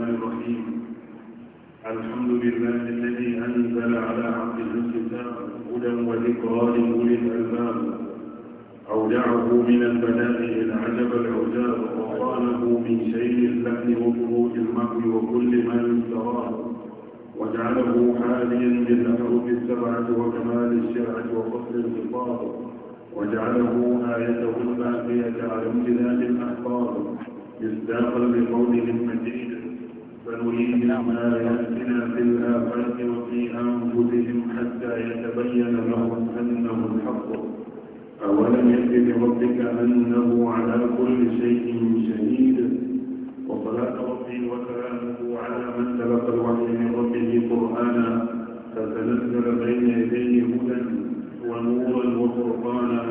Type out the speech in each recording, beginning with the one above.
الرحمن الرحيم الحمد لله الذي أنزل على عبده الكتاب هدى وذكرى لأولي الألباب أودعه من البدائع العجب العجاب وصانه من شيء اللحن وفروج المهو وكل ما يستراه وجعله حاليا بالأحرف السبعة وكمال الشرعة وفصل الخطاب وجعله آيته الباقية على امتداد الأحقاب مصداقا لقوله المجيد فنرينا آياتنا في الآخرة وفي أنفسهم حتى يتبين لهم أنه الحق أولم يكف بربك أنه على كل شيء شهيد وصلاة ربي وسلامه على من تلقى الوحي من ربه قرآنا فتنزل بين يديه هدى ونورا وفرقانا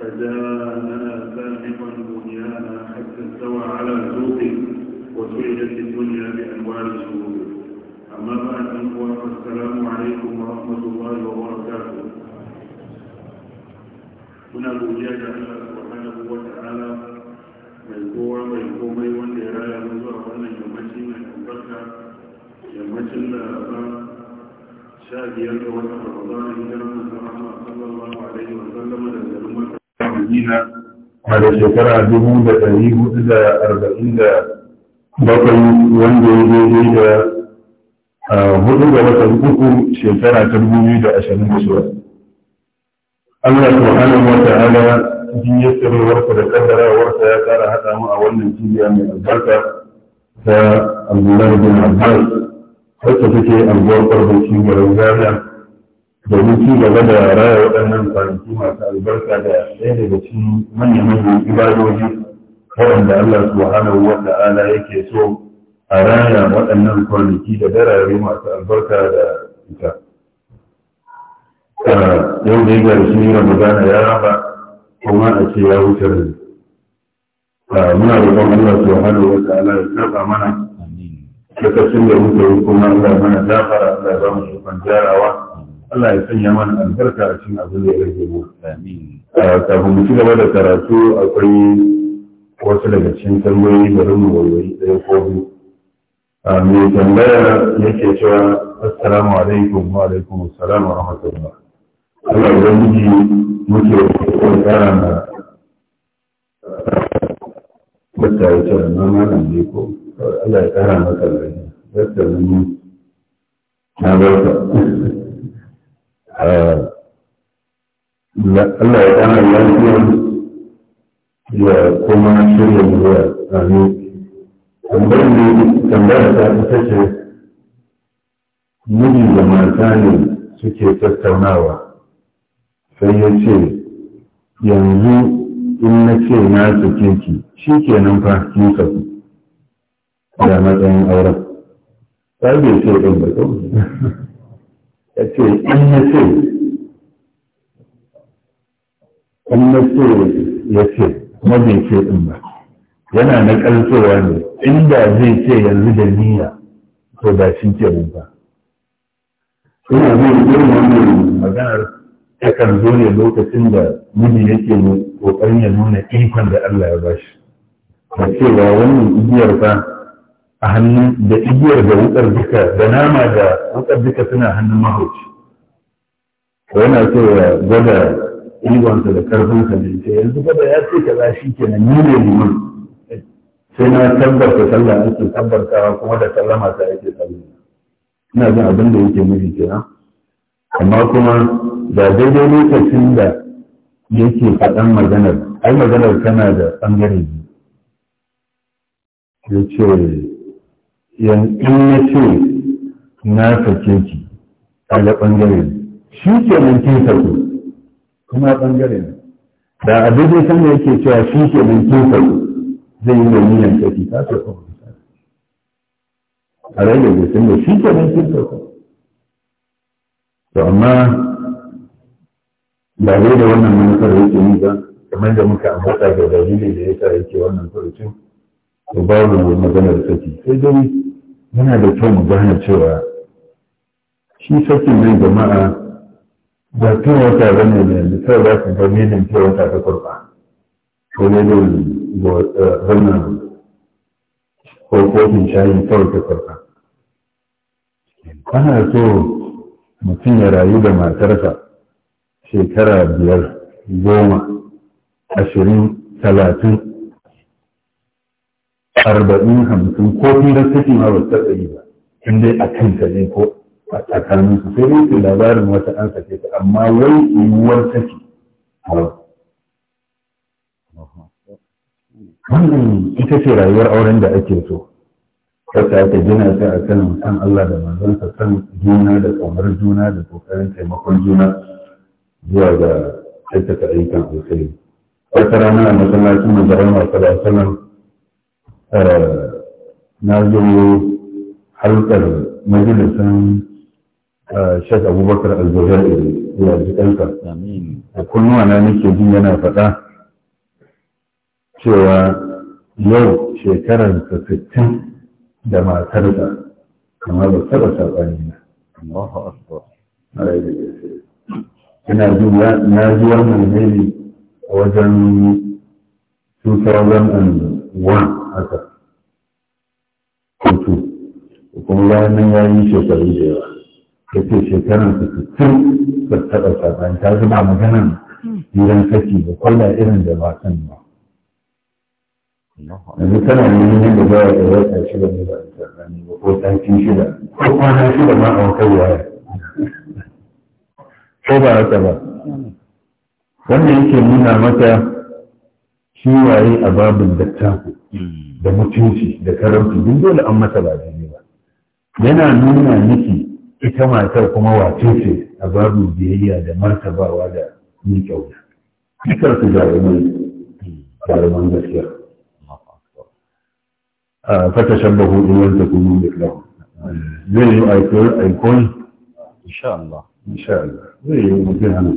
فجاءنا سابقا بنيانا حتى استوى على سوقه وزينت الدنيا بأموال الزهور أما بعد إخوان السلام عليكم ورحمة الله وبركاته هنا بوجيا جميلة سبحانه وتعالى ملكوة ملكوة ملكوة ديرايا نزوة وانا يمشي من أمبكة يمشي الله شاهد يلقى وتفرضان إجرام الزرحمة صلى الله عليه وسلم لزلمة المدينة على شكرا دهون دهيه إذا أربعين bakwai wanda ya daidai da hudu da watan uku shekara ta dubu da ashirin da shida Allah mata wa ta'ala cikin yassarwarsa da kaddarawarsa ya kara haɗa mu a wannan cibiya mai albarka ta Abdullahi bin Abbas wacce take albarkar farko cibiyar Zaria domin ci gaba da raya waɗannan kwanaki masu albarka da ɗaya daga cikin manyan ibadoji waɗanda Allah subhanahu wa ta'ala yake so a raya waɗannan kwanaki da darare masu albarka da ita ah, yau da ya shi ramadana ya raba kuma a ce ya wuce da ah, muna roƙon Allah subhanahu wa ta'ala ya saba mana lokacin da wuce kuma Allah mana gafara Allah ya ba mu shukran jarawa Allah ya sanya mana albarka a cikin abin da ya rage mu. Amin. Ah, kafin mu ci gaba da karatu akwai wasu daga cikin kalmomi bari mu wayoyi ɗaya ko biyu ah, mai tambaya yake cewa assalamu alaikum wa alaikum assalam wa rahmatullah Allah ya miji muke tsara na mutta ya ce na malam ne ko Allah ya tsara maka lafiya yadda mun na barka ah, Allah ya tsara lafiya ya kuma shirya zuwa amin tambayar ne ta ita ce miji da mata ne suke tattaunawa sai ya ce yanzu in na ce na sake ki shi ke nan fa kin saku da matsayin auren ta bai ce ɗin ba ko ya ce in na ce in na ce ya ce kuma bai ce in ba yana na ƙarfowa ne inda zai ce yanzu da niyya to da shi ke ba ina zai irin wannan maganar yakan zo ne lokacin da miji yake ƙoƙarin ya nuna ikon da Allah ya ba shi da cewa wannan igiyar fa a hannun da igiyar da wutar duka da nama da wutar duka suna hannun mahauci yana so ya gwada igonsa da karfinsa ne yanzu gaba ya ce za shi kenan ni ne liman sai na tabbata sallah ake tabbatawa kuma da sallama ta yake sallama ina jin abin da yake nufi nan amma kuma da daidai lokacin da yake faɗan maganar ai maganar tana da ɓangare biyu ya ce in na ce na sake ki a da ɓangare shi ke nan kin sako kuma ɓangare ne da a daidai san da yake cewa shi ke nan kifar zai yi mai niyan kafi ta ce kuma a rage da sun da shi ke nan kifar to amma ba zai da wannan manufar yake yi ba kamar da muka ambata da dalilin da ya sa yake wannan furucin to babu maganar saki sai dai yana da kyau mu gane cewa shi sakin nan jama'a ba tun wata ba ne da yanzu kawai za su ga midin fiye wata ta kurba ko ne da eh, wannan ko kofin shayin kawai ta kurba ana so mutum ya rayu da matarsa shekara biyar goma ashirin talatin arba'in hamsin ko tun da suke ma ba ta tsaye ba in dai a kanta ne ko a tsakanin su sai dai labarin wata an sake ta amma wai yiwuwar take wannan ita ce rayuwar auren da ake so wata ake gina ta a kan san Allah da manzansa san juna da kamar juna da kokarin taimakon juna zuwa ga aikata ayyukan alkhairi wata rana a masallacin manzaran masu da na zo halkar majalisar Eh, shek abubakar alzuhair ya ji ɗanka da kunnuwa na nake jin yana faɗa cewa yau shekararsa sittin da matarsa amma ba taɓa saɓani na ina ji na ji wannan ne a wajen 2001 haka kuma bayan nan ya yi shekaru da yawa ya ce shekaran su sittin ba taɓa saɓani ta zuba maganan gidan saki da kwalla irin da ba san ba yanzu tana yin yin da za a yi wata shida ne ba a saɓani ba ko sati shida ko kwana shida ma a wata waya ko ba haka ba wannan yake nuna mata shi waye a babin dattaku hmm. da mutunci da karamci duk dole an masa ba daidai ba yana nuna miki ita matar kuma wace ce a babu biyayya da martabawa da ni kyauta dukkan su jarumai jaruman gaskiya fata shabba hudu wanda kuma mai kyau zai yi aikon insha Allah insha Allah zai yi mutum hana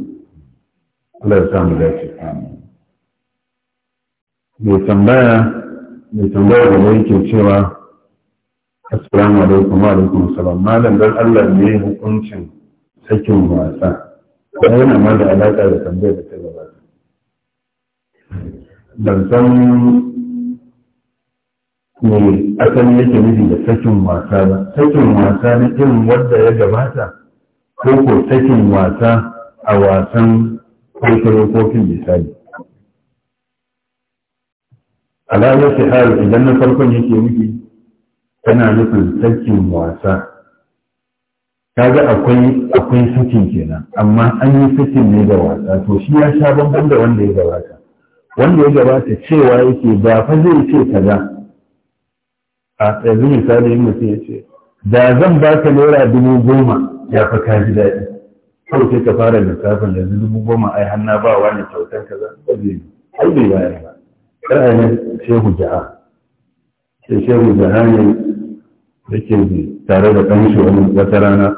Allah ya samu dace mai tambaya mai tambaya da yake cewa assalamu alaikum wa alaikum salam malam dan Allah ne hukuncin sakin wasa ko yana ma da alaka da tambayar da ta gabata ban san me asali yake nufi da sakin wasa ba sakin wasa na irin wanda ya gabata ko ko sakin wasa a wasan kwaikwayo ko misali ala yake idan na farkon yake nufi tana nufin sakin wasa kaga akwai akwai sakin kenan amma an yi sakin ne da wasa to shi ya sha bambam da wanda ya gabata wanda ya gabata cewa yake ba fa zai ce kaza a yanzu misali yin mutum ya ce da zan baka naira dubu goma ya fa ka ji daɗi kawai sai ka fara lissafin yanzu dubu goma ai hanna ba ne kyautar kaza ba zai yi ai bai bayar ba kar shehu ja'a sai shehu ja'a ne yake tare da ɗan shi wani wata rana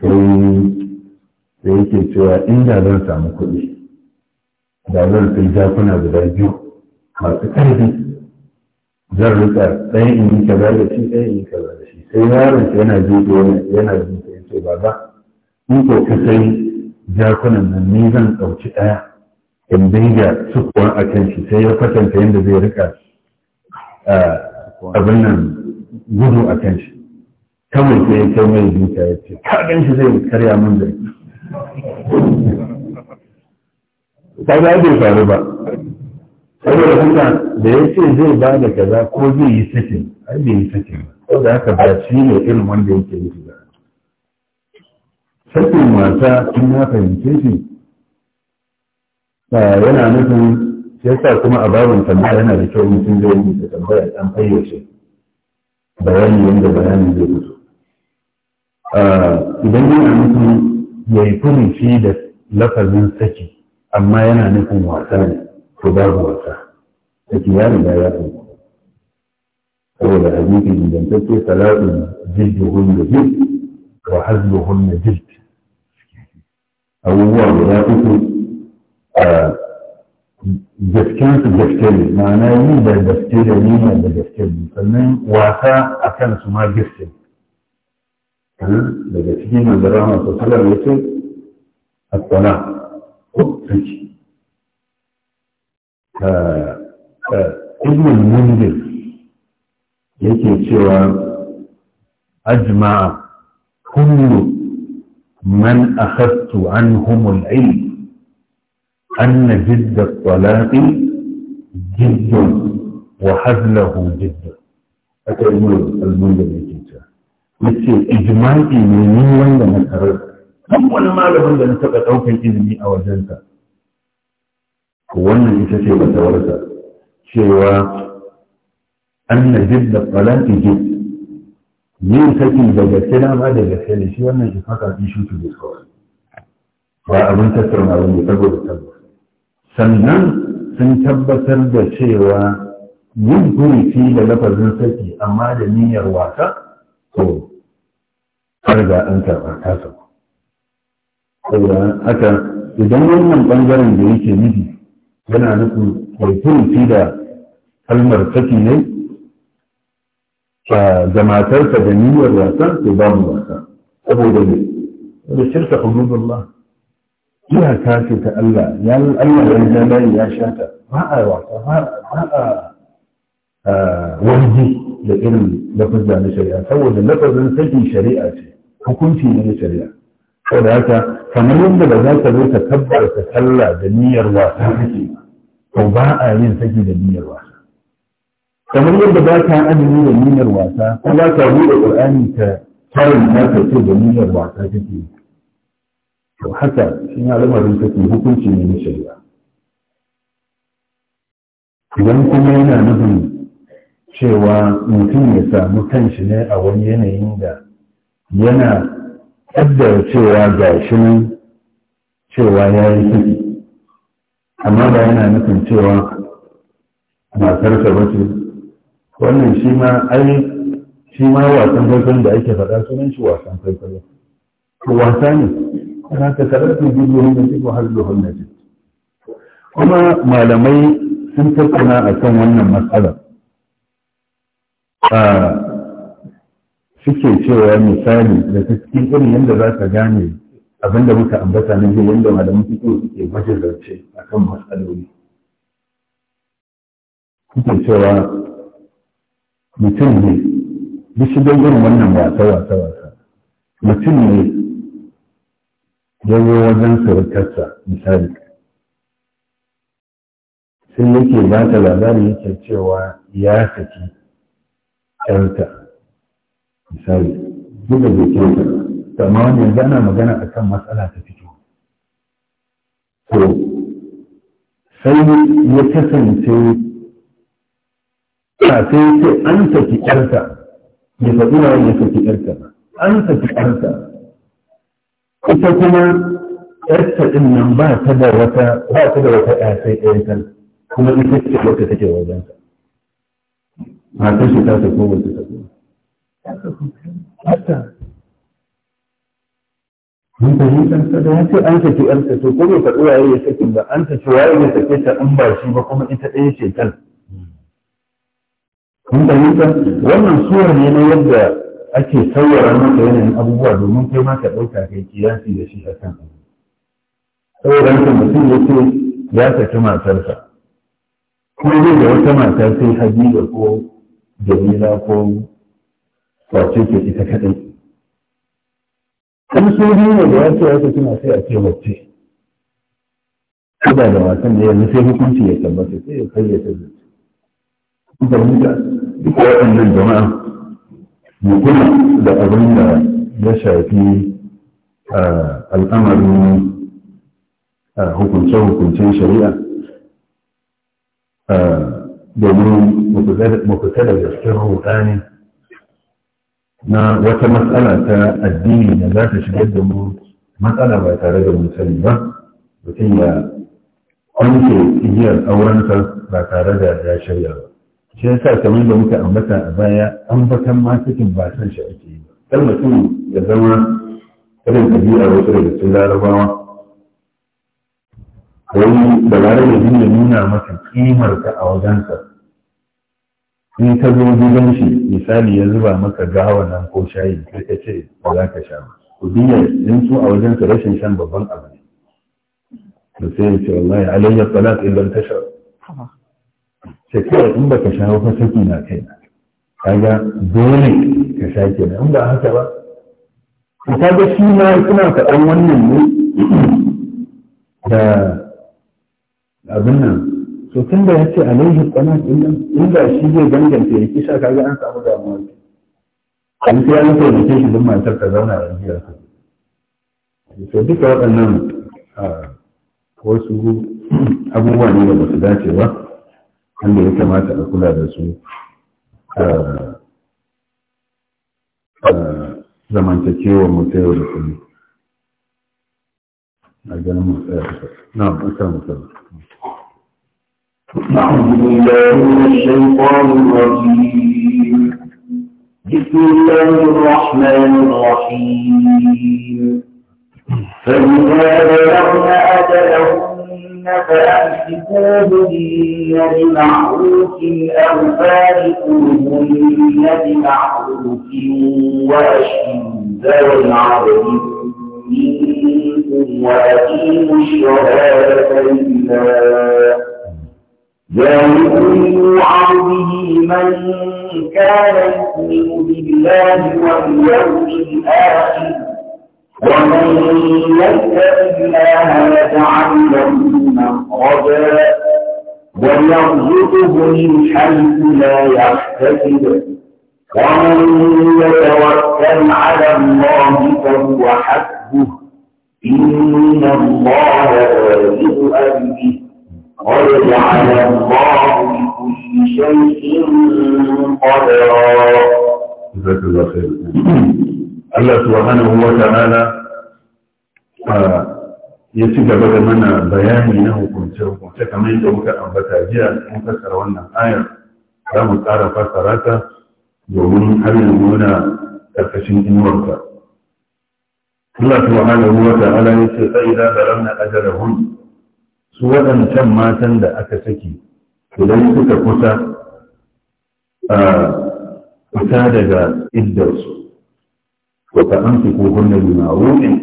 sai yake cewa inda zan samu kuɗi da zan sai jakuna guda biyu masu ƙarfi zan rika ɗaya in yi kaza da shi ɗaya in yi kaza da shi sai yaron shi yana ji yana ji sai ba ba. in ko ka sai jakunan nan ni zan ɗauki ɗaya in dinga sukuwan a kan shi sai ya kwatanta yadda zai rika eh, abin nan gudu a kan shi kawai sai ya kai mai duka ya ce ka shi zai karya mun zai ta ga bai faru ba saboda kuma, da ya ce zai ba da kaza ko zai yi sakin ai bai yi sakin ba da haka ba shi ne irin wanda yake yi ba sakin mata tun na fahimce shi yana nufin shi yasa kuma a babin tambaya yana da kyau mutum zai yi da tambaya an fayyace bayani yadda bayani zai fito ah, idan yana nufin ya yi shi da lafazin saki amma yana nufin wasa ne to babu wasa saki ya riga ya fi saboda hadisi ingantacce salatun jidduhun da jidd wa hazluhun da jirgin abubuwa guda uku ah, su gaske ne ma'ana yi da gaske da nima da gaske ne sannan wasa a kan su ma gaske daga cikin nan da rama su salar ya ce a tsana ko saki ibn mundir yake cewa ajma'a kullu man akhadtu anhum al-ilm أن جد الطلاق جد وحذله جد أتى المنذر يجيتا yace ijma'i ne ni wanda na tarar duk wani malamin da na taɓa ɗaukar ilimi a wajensa wannan ita ce fatawarsa cewa anna jidda falati jid yin saki da gaske na ma gaske ne shi wannan shi faka shi ba abin tattauna wani saboda tabbata sannan sun tabbatar da cewa yin kurifi da lafazin saki amma da niyyar wasa to farga an karɓa tasa saboda haka idan wannan ɓangaren da yake nufi yana nufin mai kurifi da kalmar saki ne ga matarsa da niyyar wasa to babu wasa saboda ne da shirka hududullah iyaka ce ta Allah ya yi Allah ya ja ya sha ta ba a wasa ba a wargi da irin lafazza na shari'a saboda lafazin sakin shari'a ce hukunci ne na shari'a saboda haka kamar yadda ba za ka zo ta tabbata sallah da niyyar wasa kake to ba a yin saki da niyyar wasa kamar yadda ba ka azumi da niyyar wasa ko ba ka buɗe ƙur'ani ka karanta ka ce da niyyar wasa kake to haka shi na lamarin take hukunci ne na shari'a idan kuma yana nufin cewa mutum ya samu kanshi ne a wani yanayin da yana kaddara cewa ga shi nan cewa ya yi saki amma ba yana nufin cewa matarsa ba ce wannan shi ma ai shi ma wasan kwaikwayon da ake faɗa sunan shi wasan kwaikwayo wasa ne za ka karatu jirgin na ko har zuhun na kuma malamai sun tattauna a kan wannan matsala suke cewa misali da ta cikin irin yadda za ka gane abin da muka ambata na biyu yadda malamai fito suke wajen zance a kan matsaloli suke cewa mutum ne duk shi don irin wannan wasa wasa wasa mutum ne yayo wajen surukarsa misali sai yake ba ta labari yake cewa ya saki ƴarta misali duka da ke kyauta amma wajen zana magana a kan matsala ta fito to sai ya kasance ta sai sai an saki ƴarta ya faɗi ya saki ƴarta an saki ƴarta ita kuma yarta din nan ba ta da wata ba ta da wata ya sai ɗaya kan kuma ita ce wata take wajen sa matar shi ta ta ko wata ta ko hata mun ta yi san sada ya ce an saki yarta to ko bai faɗi waye ya saki ba an saki waye ya sake ta an ba shi ba kuma ita ɗaya ce kan mun ta yi san wannan sura ne na yadda ake saurara maka yanayin abubuwa domin kai ma ka ɗauka kai kiyasi da shi a kan abu saboda haka mutum ya ce ya saki matarsa ko zai da wata mata sai habiba ko jamila ko wace ke ita kaɗai kan su biyu ne da ya ce ya saki sai a ce wacce kada da wasan da yanzu sai hukunci ya tabbata sai ya kai ya tabbata. Duk waɗannan jama'a mu kula da abin da ya shafi al'amarin hukunce-hukuncen shari'a domin mu fita da gaskin rudani na wata matsala ta addini da za ta shigar da mu matsala ba tare da mu sani ba mutum ya kwanke igiyar aurensa ba tare da ya shirya ba shi yasa kamar da muka ambata a baya ambatan ma cikin ba san shi ake yi kar mutum ya zama irin ɗabi'ar wasu daga cikin larabawa wani da larabar jin ya nuna maka kimar ka a wajensa in ka zo gidan shi misali ya zuba maka gawa nan ko shayi kai ka ce ba za ka sha ba ku biya in su a wajensa rashin shan babban abu ne to sai ya ce wallahi alayya salat illan tashar sai in baka shawo fasaki saki na kai na kaga dole ka sha na in ba haka ba to kaga shi ma suna faɗan wannan ne da abin nan to tun da ya ce alaihi tsanan din nan inda shi zai danganta ya kisha kaga an samu damuwa an yi an taimake shi duk matar ka zauna a jiya to duka waɗannan ah, wasu abubuwa ne da ba su dace ba wanda ya kamata a kula da su a zamantakewar mutuwar da kuma a ganin mutuwar na mutuwar mutuwar أعوذ بالله من الشيطان الرجيم بسم الله الرحمن الرحيم فإذا بلغن أجلهم فأمسكوهن بمعروف أو فارقوهن بمعروف وأشهدوا ذوي منكم وأقيموا الشهادة لله ذلكم يوعظ به من كان يؤمن بالله واليوم الآخر ومن يتق الله يجعل له مخرجا ويرزقه من حيث لا يحتسب ومن يتوكل على الله فهو حسبه إن الله بالغ أمره قد جعل الله لكل شيء قدرا جزاك الله خير Allah subhanahu wa ta'ala ya ci gaba da mana bayani na hukunce-hukunce kamar yadda muka ambata jiya mun fassara wannan ayar za mu tsara fassara domin har yanzu muna ƙarƙashin inuwarta. Allah subhanahu wa ta'ala ya ce sai da zaramna ajalahum su waɗancan matan da aka saki idan suka kusa a kusa daga iddarsu wa ka amsikuhunna na ma'rufin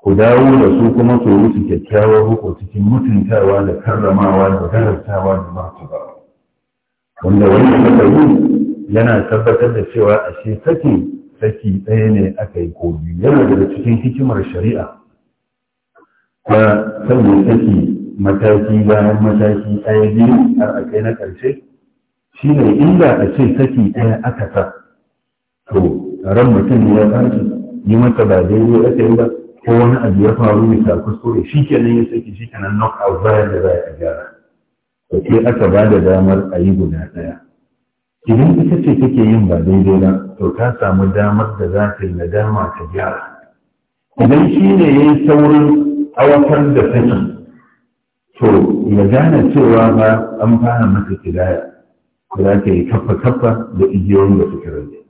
ku dawo da su kuma su wuce kyakkyawar ruko cikin mutuntawa da karramawa da darassawa da ba wanda wani matsayi yana tabbatar da cewa ashe saki saki ɗaya ne aka yi ko yana daga cikin hikimar shari'a ta sanya saki mataki bayan mataki ɗaya biyu har a kai na ƙarshe shi ne inda a ce saki ɗaya aka sa to ran mutum ya tashi yi mata ba daidai aka yi ba ko wani abu ya faru ta kuskure shi kenan ya saki shi kenan knock out bayan da za a gyara to sai aka ba da damar a yi guda ɗaya idan ita ce take yin ba daidai ba to ta samu damar da za ta yi nadama ta gyara idan shi ne ya yi saurin awatar da sakin to ya gane cewa ba an fara masa kidaya da za ta yi kafa kafa da igiyoyin da suka rage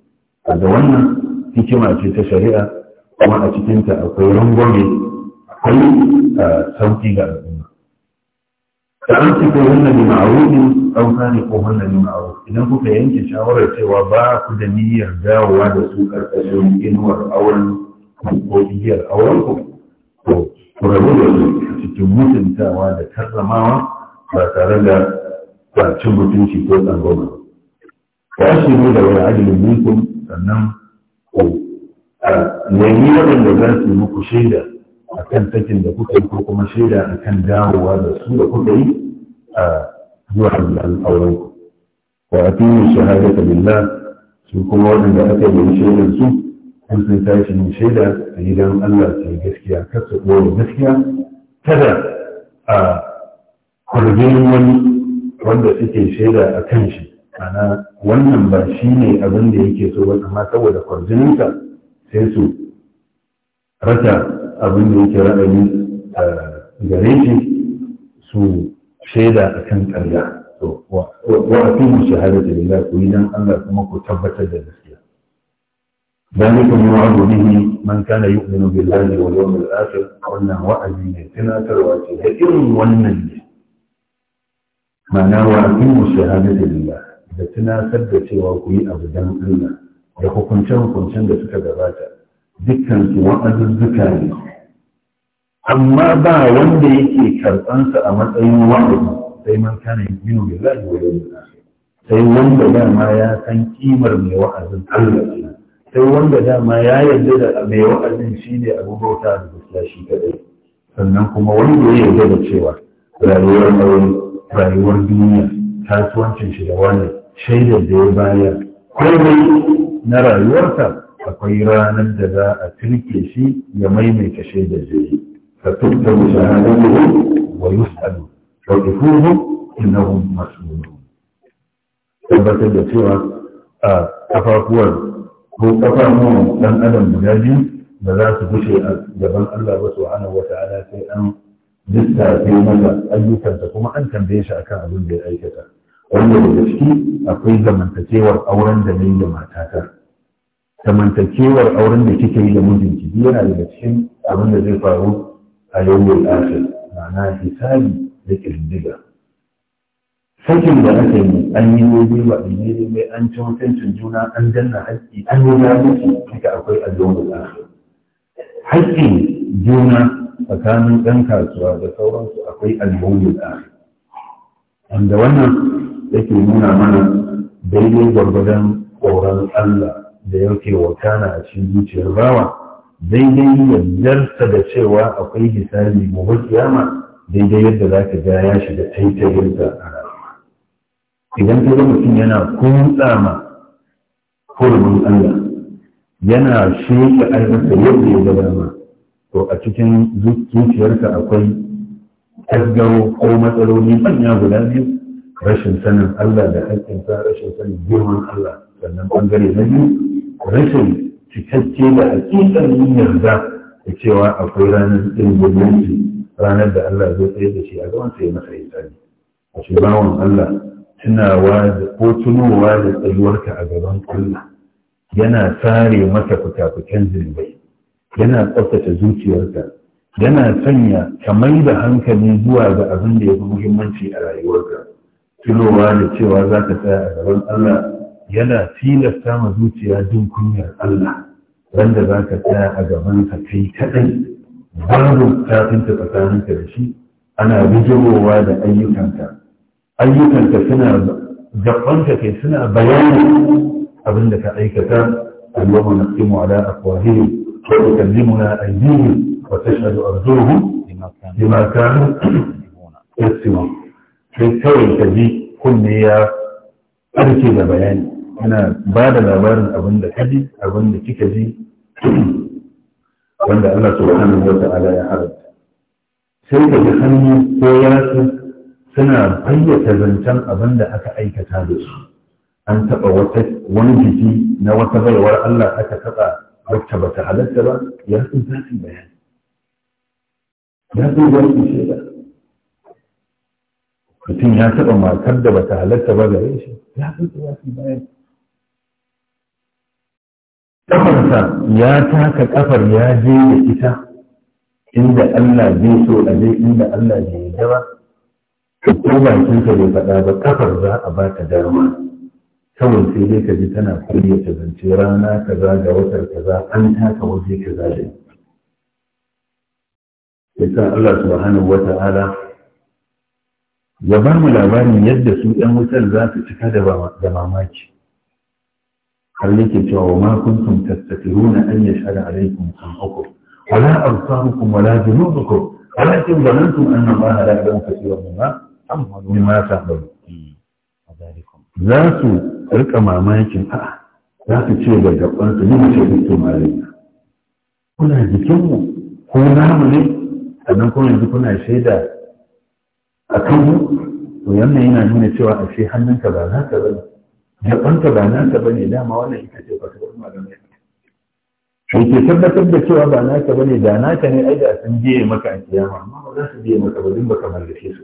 daga wannan hikima ce ta shari'a kuma a cikinta akwai rangwame akwai sauki ga al'umma an ce ta'amsikuhunna bi ma'rufin ko wannan ne ma'ruf idan kuka yanke shawarar cewa ba ku da niyyar dawowa da su karkashin inuwar auren ko igiyar auren ku to ku rabu da su cikin mutuntawa da karramawa ba tare da cin mutunci ko tsangwama ba. Kwashi ne da wani ajiyar minkum sannan ku yayi waɗanda za su muku shaida a kan sakin da kuka yi ko kuma shaida a kan dawowa da su da kuka yi a zuwa al'auran ku wa a fiye shahadata billah su kuma waɗanda aka yi shaidar su an sun tashi yin shaida a gidan Allah su yi gaskiya kar su ɓoye gaskiya kada a kwarjin wani wanda suke shaida a kan shi ana wannan ba shi ne abin da yake so ba amma saboda kwarjininka sai su rata abin da yake ra'ayi a gare shi su shaida a kan karya wa a fi shahada da lila ku yi don allah kuma ku tabbatar da gaskiya dan kun yi wa'adu bihi man kana yu'minu billahi wal yawmil akhir wannan wa'adi ne tunatarwa ce da irin wannan ne ma'ana wa a fi shahada da lila da tunatar da cewa ku yi abu don Allah da hukunce-hukuncen da suka gabata dukkan su wa'azuzzuka ne amma ba wanda yake karɓansa a matsayin wa'azi sai man kana yinu billahi wa yawmil akhir sai wanda dama ya san kimar mai wa'azin Allah sai wanda dama ya yarda da mai wa'azin shi ne abu bauta da gaskiya shi kadai sannan kuma wanda ya yarda da cewa rayuwar rayuwar duniya kasuwancin shi da wani shaidar da ya bayar komai na rayuwarsa akwai ranar da za a turke shi ya maimaita shaidar da ya fa tuktabu shahadatuhu wa yus'alu wa ifuhu innahum mas'ulun tabbatar da cewa a kafafuwar ko kafafuwan dan adam guda biyu ba za su gushe a gaban Allah ba wata wata'ala sai an lissafe masa ayyukansa kuma an tambaye shi akan abin da ya aikata wanda da gaske akwai zamantakewar auren da nayi da matata zamantakewar auren da kike yi da mijinki yana daga cikin abin da zai faru a yawon asir ma'ana hisabi da kirdiga sakin da aka yi an yi wani ba mai an ci mutuncin juna an danna haƙƙi an yi zalunci duka akwai a yawon haƙƙin juna tsakanin ɗan kasuwa da sauransu akwai al wanda wannan yake nuna mana daidai gwargwadon tsoron Allah da yake wakana a cikin zuciyar bawa daidai yaddarsa da cewa akwai hisabi gobe kiyama daidai yadda za ka ga ya shiga taitayinsa a rayuwa idan ka mutum yana kuntsa ma hurumin Allah yana ka aikata yadda ya gaba dama to a cikin zuciyarsa akwai tasgaro ko matsaloli manya guda biyu rashin sanin Allah da haƙƙinsa rashin sanin girman Allah sannan bangare na biyu rashin cikakke da hakikalin yarda da cewa akwai ranar ɗin ranar da Allah zai tsaye da shi a gaban sai masa hisabi a shi bawan Allah tunawa da ko tunowa da tsayuwarka a gaban Allah yana sare maka fitafikan zirbai yana tsaftace zuciyarka yana sanya ka mai da hankali zuwa ga abin da ya fi muhimmanci a rayuwarka tunowa da cewa za ka tsaya a gaban Allah yana tilasta ma zuciya jin kunyar Allah wanda za ka tsaya a gaban ka kai kaɗai babu tafinta tsakaninka da shi ana bijirowa da ayyukanka ayyukanka suna gabanka kai suna bayani abin da ka aikata al-yawma naqimu ala afwahihim wa tukallimuna aydihim وتشهد أرجلهم بما كانوا يكسبون في الثوري تجي كل هي أركي لبيان أنا بعد الأبار أبند حدي أبند كيكجي وأن الله سبحانه وتعالى يا حرد سيدة جهنم قولات سنة بقية زنجان أبند أكا أي كتابس أن تقوتك ونجتي نوتبي ورأى الله أكا تقع على السبب يا أنت في البيان ya zo ya yi shaida mutum ya taɓa matar da bata halatta ba gare shi ya zo ya fi bayan Ƙafarsa ya taka ƙafar ya je da ita inda Allah zai so a je inda Allah zai yi ba ko ka bai faɗa ba kafar za a ba ta dama kawai sai dai ka ji tana kurya ta zance rana kaza ga watar kaza an taka waje kaza da yasa Allah subhanahu wata'ala ya ba mu labarin yadda su 'yan wutar za su cika da mamaki har yake cewa wa ma kuntum tastatiruna an yashhada alaykum uku. wala absarukum wala junubukum walakin zanantum anna Allah la ya'lamu kathiran mimma ta'malun mimma ba. za su rika mamakin a'a za su ce da gaban su mace ce mara malai kuna jikinmu ko namu ne sannan kuma yanzu kuna shaida a kan mu to yamma yana nuna cewa a ce hannunka ba naka ba bane jaɓanka ba naka ba ne dama wannan ita ce fatuwar malamai shi ke tabbatar da cewa ba naka ba ne da naka ne ai da sun biye maka a kiyama amma ba za su biye maka ba din baka mallake su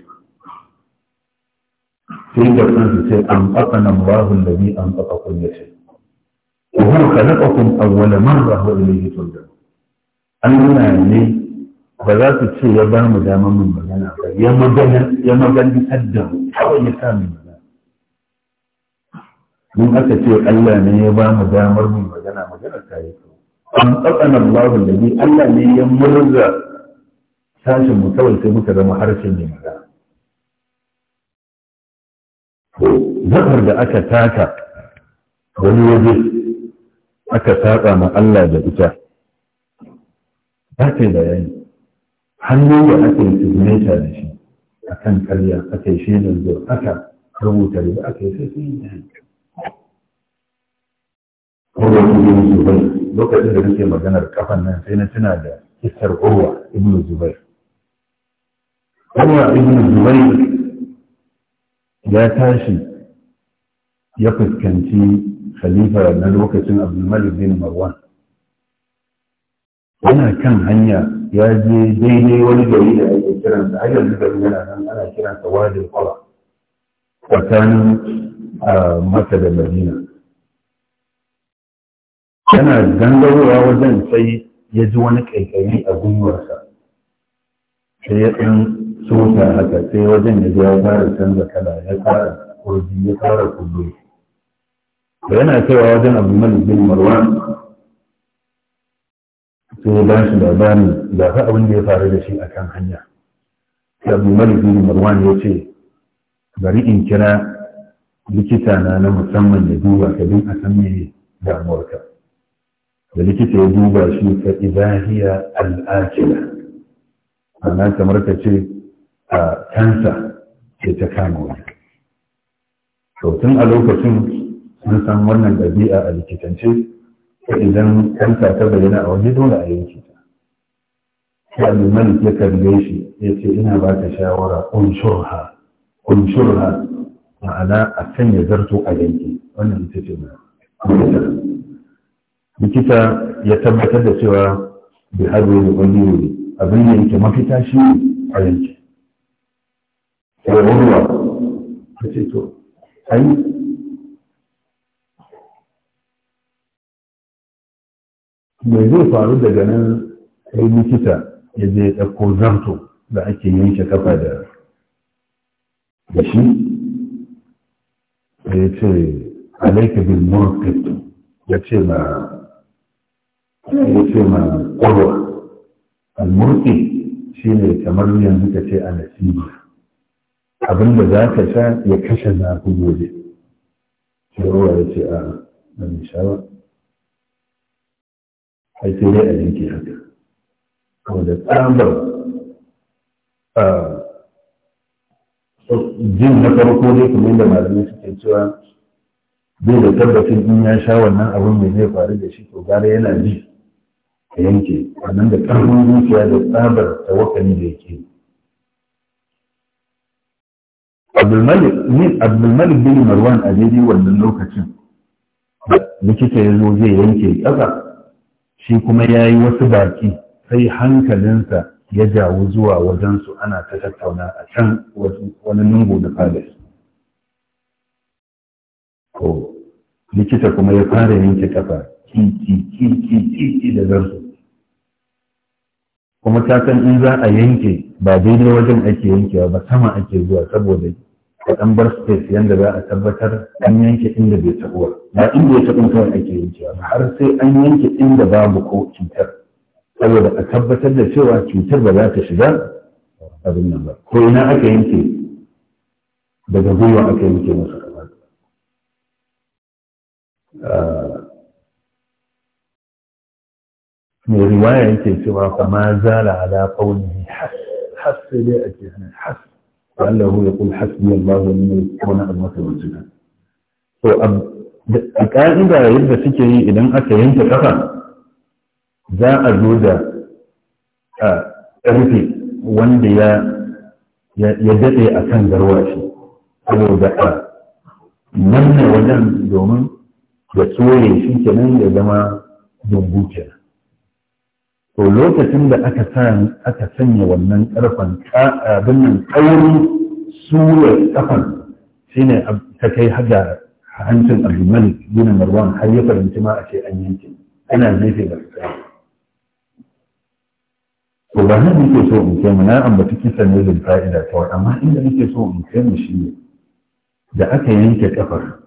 sai da su sai an ƙafa nan wahun da ni an ƙafa kun ya ce ku hu khalaqakum awwala marra wa ilayhi turja'un an nuna ne ba za su ce ya ba mu damar mun magana ba ya magana ya magana da mu kawai ya sa mu magana mun aka ce Allah ne ya ba mu damar mun magana magana ta yi ko an tsakana Allah da ni Allah ne ya murza sashin mu kawai sai muka zama harshen ne magana to zakar da aka taka wani waje aka saba ma Allah da ita ta kai bayani hannu da aka yi da shi a kan karya aka yi shaidar zuwa aka rubuta da aka yi sai sun yi Kuma Ibn zubai lokacin da nake maganar kafan nan sai na tuna da kisar kowa, Ibn zubai. Kowa Ibn zubai ya tashi ya fuskanci khalifa na lokacin Abdulmalik bin Marwan. Yana kan hanya ya je daidai wani gari da ake kiransa har yanzu gari yana nan ana kiransa wadin kwaba tsakanin maka da madina yana gangarowa wajen sai ya ji wani kaikayi a gwiwarsa sai ya ɗan sosa haka sai wajen ya ji ya fara canza kala ya fara kurji ya fara kullu yana cewa wajen abu malik marwan sai ya bashi labarin da fa abin da ya faru da shi akan hanya sai abu malik bin marwan ya ce bari in kira likita na na musamman ya duba ka bin a san mai damuwarka da likita ya duba shi fa idahiya al'akila ana kamar ka ce a kansa ce ta kama wani to tun a lokacin sun san wannan ɗabi'a a likitance idan kanta ta bayyana a waje dole a yanki ta sai malik ya kalle shi ya ce ina ba ta shawara unshurha unshurha ma'ana a sanya zarto a yanki wannan ita ce na likita ya tabbatar da cewa bi hazo da wani abin da yake mafita shi a yanki Ya ruwa ta ce to mai zai faru daga nan sai likita ya je ɗauko zarto da ake yanke kafa da da shi ya ce alaika bin ya ce ma ya ce ƙwarwa al shi ne kamar yanzu ka ce a nasiba abinda za ka sha ya kashe zafin gobe sai ruwa ya ce a na nishawa ai sai dai a yanke haka da tsabar jin na farko dai kuma da malamai suke cewa bai da tabbacin in ya sha wannan abin mai zai faru da shi to gara yana ji a yanke wannan da ƙarfin zuciya da tsabar tawakkali da yake Abdulmalik bin Marwan a daidai wannan lokacin likita ya zo zai yanke ƙasa shi kuma ya yi wasu baki sai hankalinsa ya jawo zuwa wajensu ana ta tattauna a can wani lungu da palace ko likita kuma ya fara yanke kafa kiki da zarsu kuma ta san in za a yanke ba daidai wajen ake yankewa ba sama ake zuwa saboda ka ɗan bar space yadda za a tabbatar an yanke inda bai taɓuwa ba inda ya taɓin kawai ake yankewa har sai an yanke inda babu ko cutar saboda a tabbatar da cewa cutar ba za ta shiga abin nan ba ko ina aka yanke daga gwiwa aka yanke musu kamar mai riwaya yake cewa kama zala ala kaunihi has sai dai ake hana has wallahu yaqul hasbi Allah wa ni'mal wani abu makamancin haka a ka'ida yadda suke yi idan aka yanke ƙafa, za a zo da ƙarfe wanda ya daɗe a kan garwashi saboda a manne wajen domin ya soye shi kenan ya zama dubu kenan to lokacin da aka san aka sanya wannan karfan abin nan kauri sura kafan shine ta kai haga hancin Abdul Malik bin Marwan har ya faranci ma a ce an yanke ana jefe da kai to ba ne nake so in ce mana an ba kisan ne da fa'ida ta wa amma inda nake so in ce mu shine da aka yanke kafar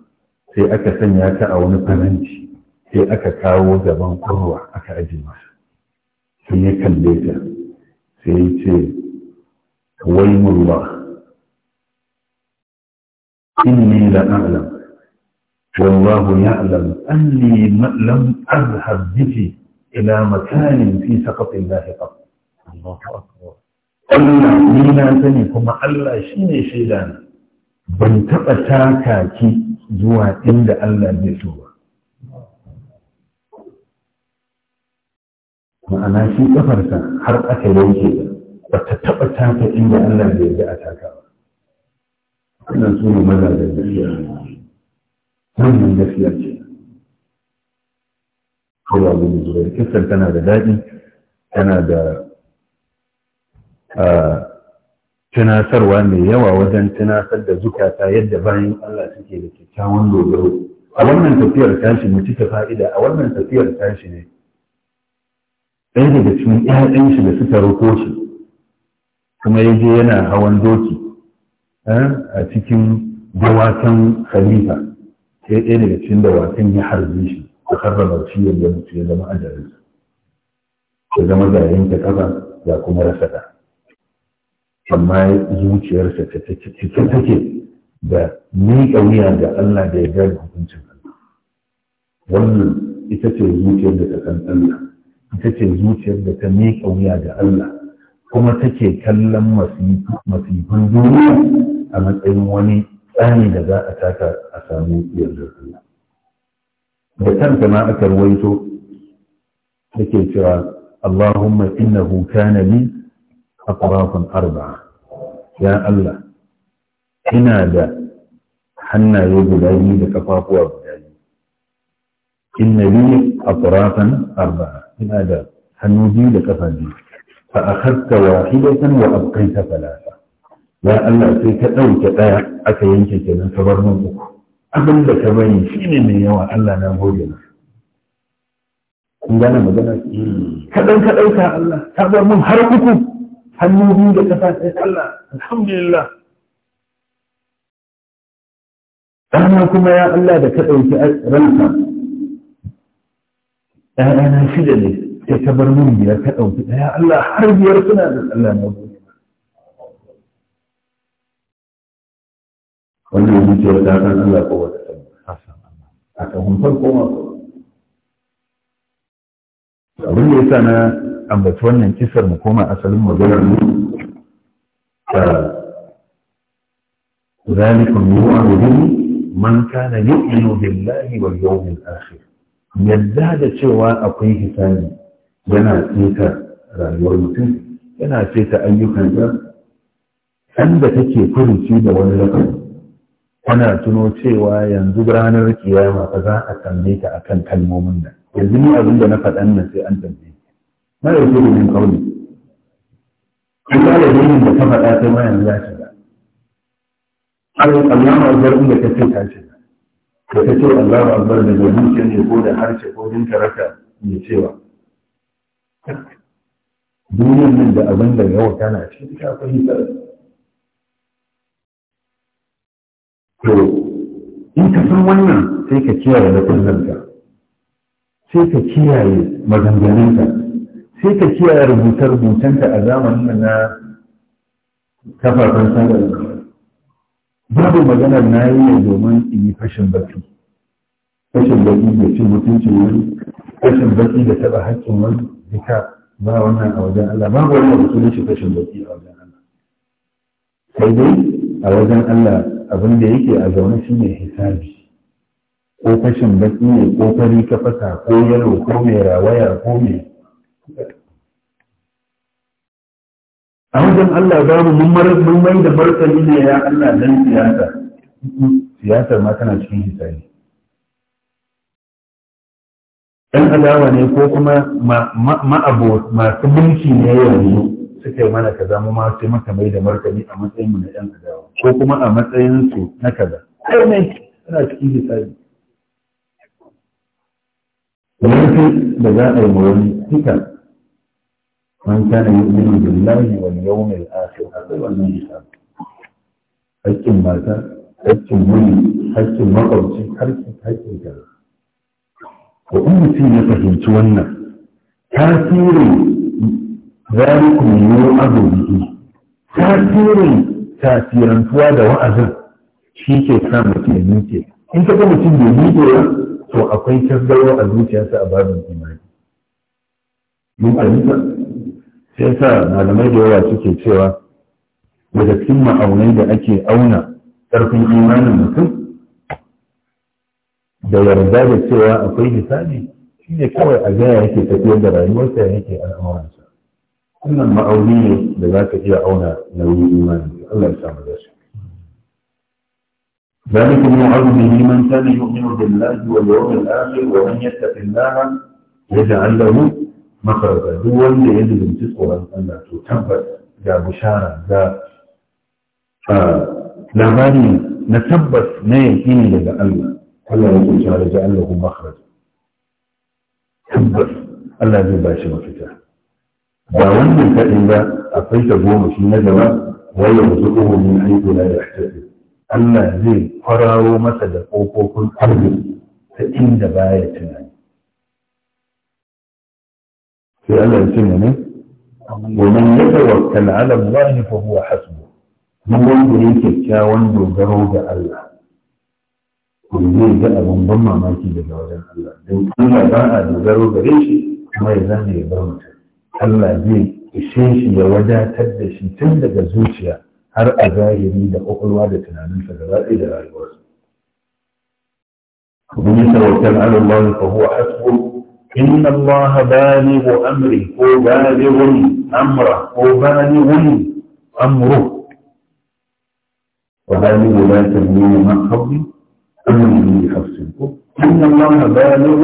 sai aka sanya ta a wani faranti sai aka kawo gaban kurwa aka ajiye masa sai ya kalle ta sai ya ce waimullah inni la a'lam والله يعلم أني لم أذهب به إلى مكان في سقط الله قط الله أكبر Allah ni na sani kuma Allah shi ne shaida na ban taɓa taka ki zuwa inda Allah zai so ba. ma'ana shi kafarsa har aka yanke ba ta taɓa taka inda Allah bai yarda a taka ba wannan su ne mazajen da wannan gaskiya ce kowa gudu zuwa kisan tana da daɗi tana da tunasarwa mai yawa wajen tunasar da zukata yadda bayan Allah suke da kyakkyawan dogaro a wannan tafiyar tashi mu cika fa'ida a wannan tafiyar tashi ne ɗaya daga cikin ‘ya'yan shi da suka roko shi kuma ya je yana hawan doki eh, a cikin dawakan khalifa sai ɗaya daga cikin dawakan ya harbe shi a karrama shi yadda mutu ya zama ajalinsa ya zama ga yanke ƙafa ya kuma rasa ɗa amma zuciyarsa ta take da miƙa wuya ga Allah da ya gane hukuncin Allah wannan ita ce zuciyar da ta san Allah ita ce zuciyar da ta miƙa wuya ga Allah kuma take kallon masifin duniya a matsayin wani tsani da za a taka a samu yardar Allah da kanta ma aka rawaito take cewa Allahumma innahu kana li aqrafan arba'a ya Allah ina da hannaye guda biyu da kafafuwa إن لي أطرافا أربعة من آداب لك فاجي فأخذت واحدة وأبقيت ثلاثة يا الله سيك أو كتاع أتينك كذا كنا فبرنا بك لك بني شين من يوا الله نابوجنا عندنا مدنا كذا كذا يا الله تابر من حرقكم هنوجي لك الله الحمد لله أنا كما يا الله دكتور في رنسا أنا في ذلك تكبر مني يا كأوت يا الله حرب يا رسول الله الله موجود والله من جرداتنا الله قوة أكهم فرقوا ما قلوا أولي سنة أم بتوانا انكسر مقومة أسلم وزرع ذلك النوع من كان يؤمن بالله واليوم الآخر yadda da cewa akwai hisabi yana ceta rayuwar mutum yana ceta ayyukan da sanda take furuci da wani lafazi kana tuno cewa yanzu ranar kiyama ba za a kalle ta akan kalmomin nan yanzu ni abin da na faɗan nan sai an tambaye ma yau ce min kauli in ba da yin da ka faɗa sai ma yanzu ya shiga Allah ya zargi da ta ce ta ce ka ta ce ba bar da zuciya ne ko da harshe ko din karaka mai cewa duniyar nan da abin da yawa kana cikin ta fahimta to in ka san wannan sai ka kiyaye da ka, sai ka kiyaye maganganunka sai ka kiyaye rubutun rubucenka a zamanin na kafafen sadarwa babu maganar na yi ne domin in yi fashin baki fashin baki da ce mutunci wani fashin baki da taɓa haƙƙin wani duka ba wannan a wajen Allah babu wani abu sunan shi fashin baki a wajen Allah sai dai a wajen Allah abin da yake a zaune shi ne hisabi ko fashin baki ne ko fari ka fasa ko yalo ko mai rawaya ko mai a wajen Allah za mu mun mai da martani ne ya Allah dan siyasa siyasar ma tana cikin hisabi ɗan adawa ne ko kuma ma'abo masu mulki ne yanzu suka yi mana kaza mu ma sai maka mai da martani a matsayin mu na ɗan adawa ko kuma a matsayin su na kaza kai ne tana cikin hisabi wani da za a yi wani duka man kana yu'minu billahi wal yawmil akhir akwai wannan misali hakkin mata hakkin wuri hakkin makwabci hakkin hakkin ka ko in mutum fahimci wannan tasirin zalikum yu'adu bihi tasirin tasirantuwa da wa'azin shi ke sa mutum ya miƙe in ka ga mutum bai miƙe to akwai tasgaro a zuciyarsa a babin imani sai yasa malamai da yawa suke cewa daga cikin ma'aunai da ake auna ƙarfin imanin mutum da yarda da cewa akwai misali shi ne kawai a gaya yake tafiyar da rayuwarsa ya yake al'amuransa wannan ma'auni ne da za ka iya auna nauyin imanin Allah ya samu dashi ذلك من عظم من كان يؤمن بالله واليوم الآخر ومن يتق الله يجعل له mafarka duk wanda ya zubunci tsoron Allah to tabbas ga bishara ga labari na tabbas na yaƙini daga Allah Allah ya kuce da ji Allah kuma makhraj tabbas Allah zai ba shi mafita ba wannan kaɗai ba akwai ta goma shi na gaba waya zuƙuhu min aiki la yahtasi Allah zai kwararo masa da ƙofofin arziki ta inda baya tunani في ألا يسمى ومن يتوكل على الله فهو حسبه من وجه يكتا وانجو جروب الله كل ذي جاء من ما يتيجى جوجا الله لن كل باء جروب ريشي ما يزاني يبرمت الله ذي الشيش يوجا تدشي تندق زوشيا هر أزاهري لأقل وادة نعلم فجراء إلى رأي ومن يتوكل على الله فهو حسبه إن الله بالغ أمري هو بالغ أمره هو بالغ أمره وبالغ لا تبنيه ما حظي أمري من إن الله بالغ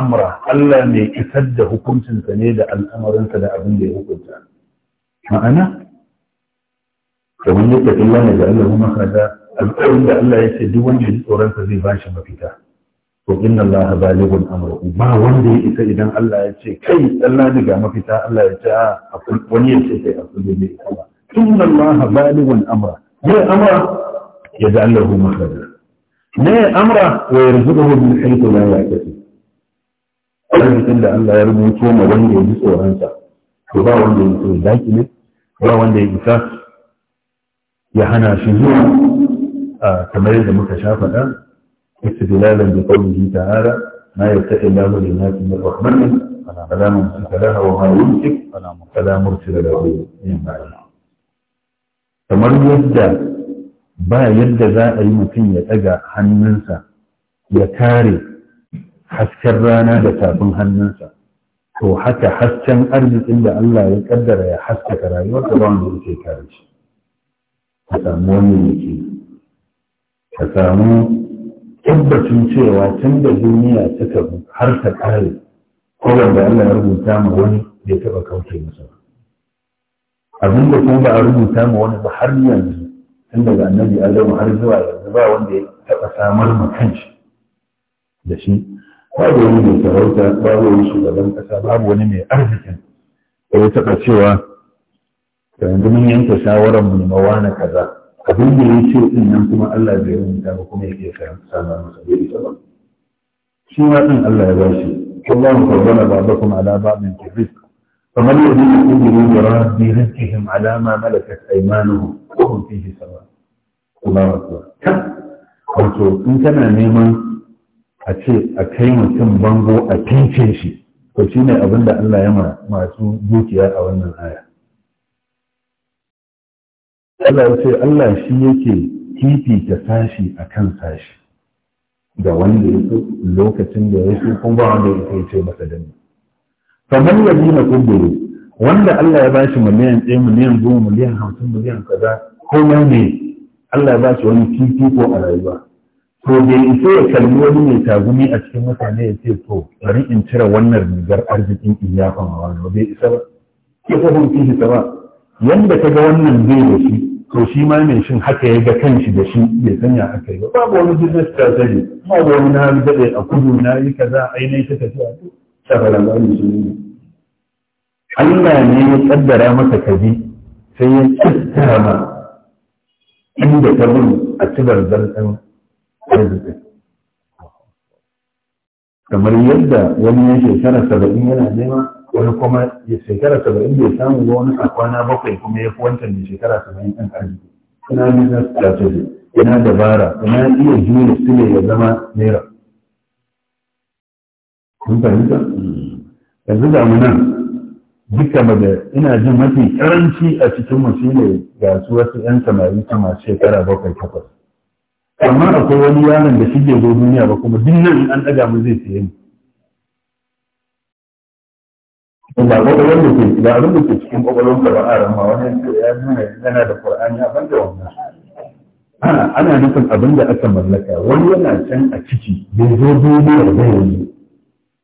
أمره ألا من كفد حكم سنتني دا الأمر انت لا أبن دي حكم أنا؟ فمن يتق الله يجعل له مخرجا القول ده الله يسدي وجه القرآن باشا مفيتا to inna Allah balighun amru ba wanda ya isa idan Allah ya ce kai Allah ne ga mafita Allah ya ce a wani ya ce kai asulun ne ba inna Allah balighun amra ne amra ya da Allah makhraja ne amra wa yarzuquhu min haythu la yahtasib Kullum inda Allah ya rubuto ma wanda ya ji tsoronsa to ba wanda ya so zaki ne ba wanda ya isa ya hana shi zuwa kamar yadda muka sha faɗa استدلالا بقوله تعالى ما يفتح الله للناس من رحمته فلا ممسك لها وما يمسك فلا مرسل له من بعده kamar yadda ba yadda za a yi mutum ya ɗaga hannunsa ya kare hasken rana da tafin hannunsa to haka hasken arzikin da Allah ya kaddara ya haskaka rayuwar ba wanda yake kare shi ka samu wani yake ka samu tabbacin cewa tun da duniya ta tafi har ta kare kowane da Allah ya rubuta ma wani bai taɓa kauce masa abin da kuma ba a rubuta ma wani ba har yanzu tun daga annabi adamu har zuwa yanzu ba wanda ya taɓa samar ma kanshi da shi da wani mai sarauta babu wani shugaban ƙasa babu wani mai arzikin da ya taɓa cewa yanzu mun yanke shawarar mu na kaza abin da ya ce din nan kuma Allah bai rubuta ba kuma yake sa sama masa bai isa ba shi ma din Allah ya bashi wallahu faddala kuma ala ba'din fi rizq faman yuridu yudhiru bi rabbi rizqihim ala ma malakat aymanuhum wa hum fihi sawa Allahu akbar wato in kana neman a ce a kai mutum bango a tince shi to shine abin da Allah ya ma masu dukiya a wannan aya Allah ya ce Allah shi yake fifita sashi a kan sashi ga wanda ya so lokacin da ya so kuma ba wanda ya ce masa ni. kamar yi na kumburu wanda Allah ya bashi miliyan ɗaya miliyan goma miliyan hamsin miliyan kaza ko ne Allah ya bashi wani ko a rayuwa to bai isa ya kalli wani mai tagumi a cikin mutane ya ce to bari in cire wannan rigar arzikin iyakon a wani bai isa ba ke kofin ta sama yanda ka ga wannan zai da shi to shi ma mai shin haka ya ga kanshi da shi bai sanya haka ba babu wani business strategy babu wani na daɗe a kudu na yi kaza a yi na ita tafiya shafaran ba ne Allah ne ya kaddara maka kaji sai ya kaddara ma inda ka bin a cibar zartan arziki kamar yadda wani ya shekara saba'in yana nema wani kuma ya shekara saba'in bai samu ba wani a kwana bakwai kuma ya fi wancan mai shekara saba'in ɗan arziki ina nuna strategy ina dabara ina iya juya sile ya zama naira kun fahimta yanzu da mu nan duka da ina jin mafi karanci a cikin mu shine ga su wasu yan samari masu shekara bakwai takwas amma akwai wani yaron da shi ke zo duniya ba kuma duk nan an ɗaga mu zai siye ni ba kwakwalwar da ke ba abin da ke cikin kwakwalwar da ba a rama wani ya nuna yana da qur'ani a banda wannan ana nufin abin da aka mallaka wani yana can a ciki bai zo duniyar ba yanzu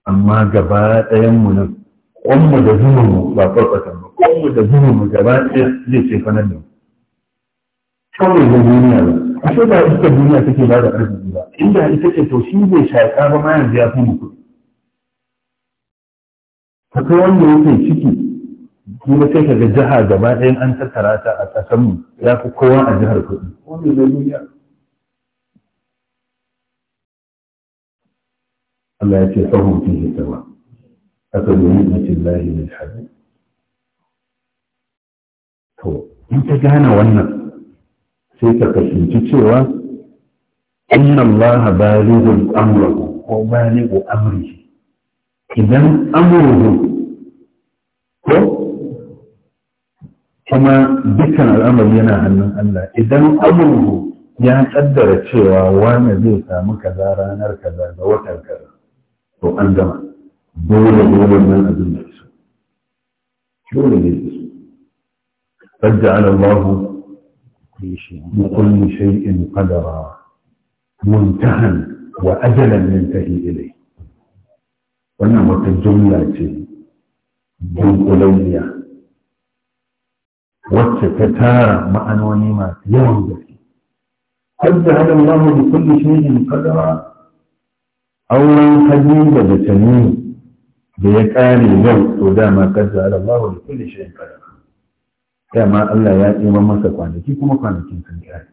amma gaba ɗayan mu nan kwanmu da zuwan mu ba farfata ba kwanmu da zuwan mu gaba ɗaya zai ce fanan da kawai da duniya ba a ba ita duniya take ba da arziki ba inda ita ce to shi bai shaƙa ba ma yanzu ya fi mu kuɗi akwai wanda yake ciki kuma sai kaga jiha gaba ɗayan an tattara ta a ƙasar mu ya fi kowa a jihar kuɗi. Allah ya ce sahun fi hisawa aka zo yi mutum tillahi min hajji. To, in ka gane wannan sai ka fahimci cewa inna Allah balighu amrahu ko balighu amrihi idan amurhu ko kuma dukkan al'amari yana hannun Allah idan amurhu ya kaddara cewa wani zai samu kaza ranar kaza da watan kaza to an gama dole dole nan abin da su dole ne su فجعل الله لكل شيء قدرا منتهى وأجلا ينتهي إليه wannan wata jumla ce dunkulayya wacce ta tara ma'anoni masu yawan gaske hadda hada Allah da kulli shayin qadara auren hajji da Tamim da ya kare yau to dama kadda hada Allah da kulli shayin qadara dama Allah ya tsima masa kwanaki kuma kwanakin sun kare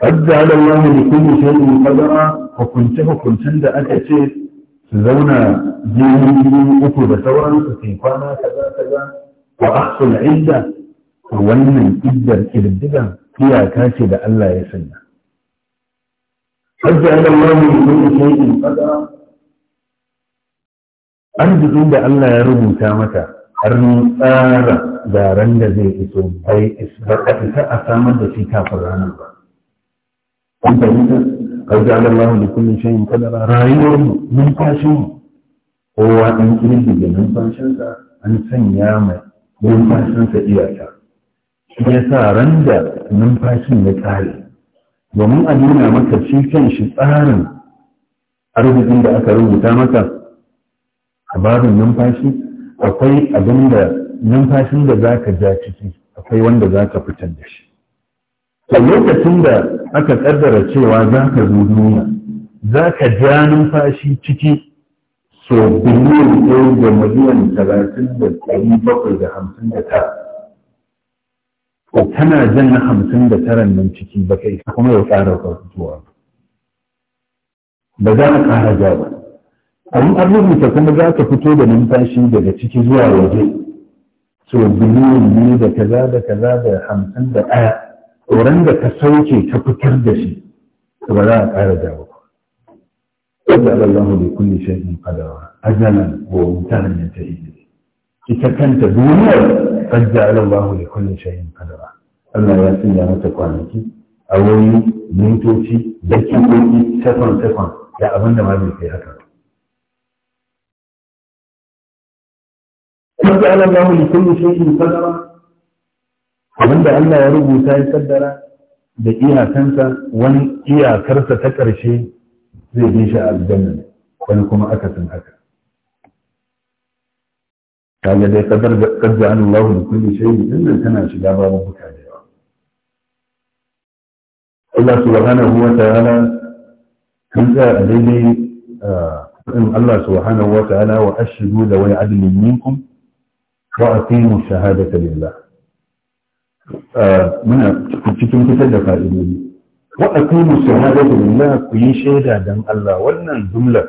hajji hada Allah da kulli shayin qadara hukunce hukuncen da aka ce zauna jini jini uku da sauransu su kwana kaza kaza wa ahsul idda wannan iddar kirdigan iyaka ce da Allah ya sanya hajji Allah ne mun shay'in qadara arzikin da Allah ya rubuta mata har tsara daren da zai iso bai isa a samar da shi kafin ranar ba. Kun قد جعل الله لكل شيء قدرا رايور من an هو أن كريم من فاشن أن سنيام من فاشن سئياتا يسا رنجا من فاشن يتعالي domin a duna maka shi shi tsarin arzikin da aka rubuta maka a babin numfashi akwai abin da numfashin da za ka ja ciki akwai wanda za ka fitar da shi to lokacin da aka kaddara cewa za ka zo duniya za ka ja numfashi ciki so biliyan ɗaya da miliyan talatin da ɗari bakwai da hamsin da tara ko kana jan na hamsin da taran nan ciki ba kai kuma ya ƙara fitowa ba za a ƙara ja ba amma abubuwan rubuta kuma za ka fito da numfashi daga ciki zuwa waje so biliyan biyu da kaza da kaza da hamsin da ɗaya tsoron da ka sauke ka fitar da shi ba za a ƙara jawo wadda Allah bi kulli shay'in qadara ajalan wa mutaran yatahi ita kanta duniyar qad ja'ala Allah li kulli shay'in qadara Allah ya sanya mata kwanaki a awoyi mintoci dakikoki sakon sakon da abin da ma bai kai haka ba قد جعل kulle لكل شيء قدرا wanda Allah ya rubuta ya kaddara da iyakansa wani iyakarsa ta ƙarshe zai bi shi aljanna wani kuma aka akasin haka ga dai kadar da kadda Allah da kulli shay din tana shiga babu buka da yawa Allah subhanahu wa ta'ala kun ga daidai in Allah subhanahu wa ta'ala wa ashhadu la wa adli minkum wa aqimu shahadata lillah Eh, muna cikin fitar da fa'idodi waɗa kai musulmada da ku yi shaida don Allah wannan jumlar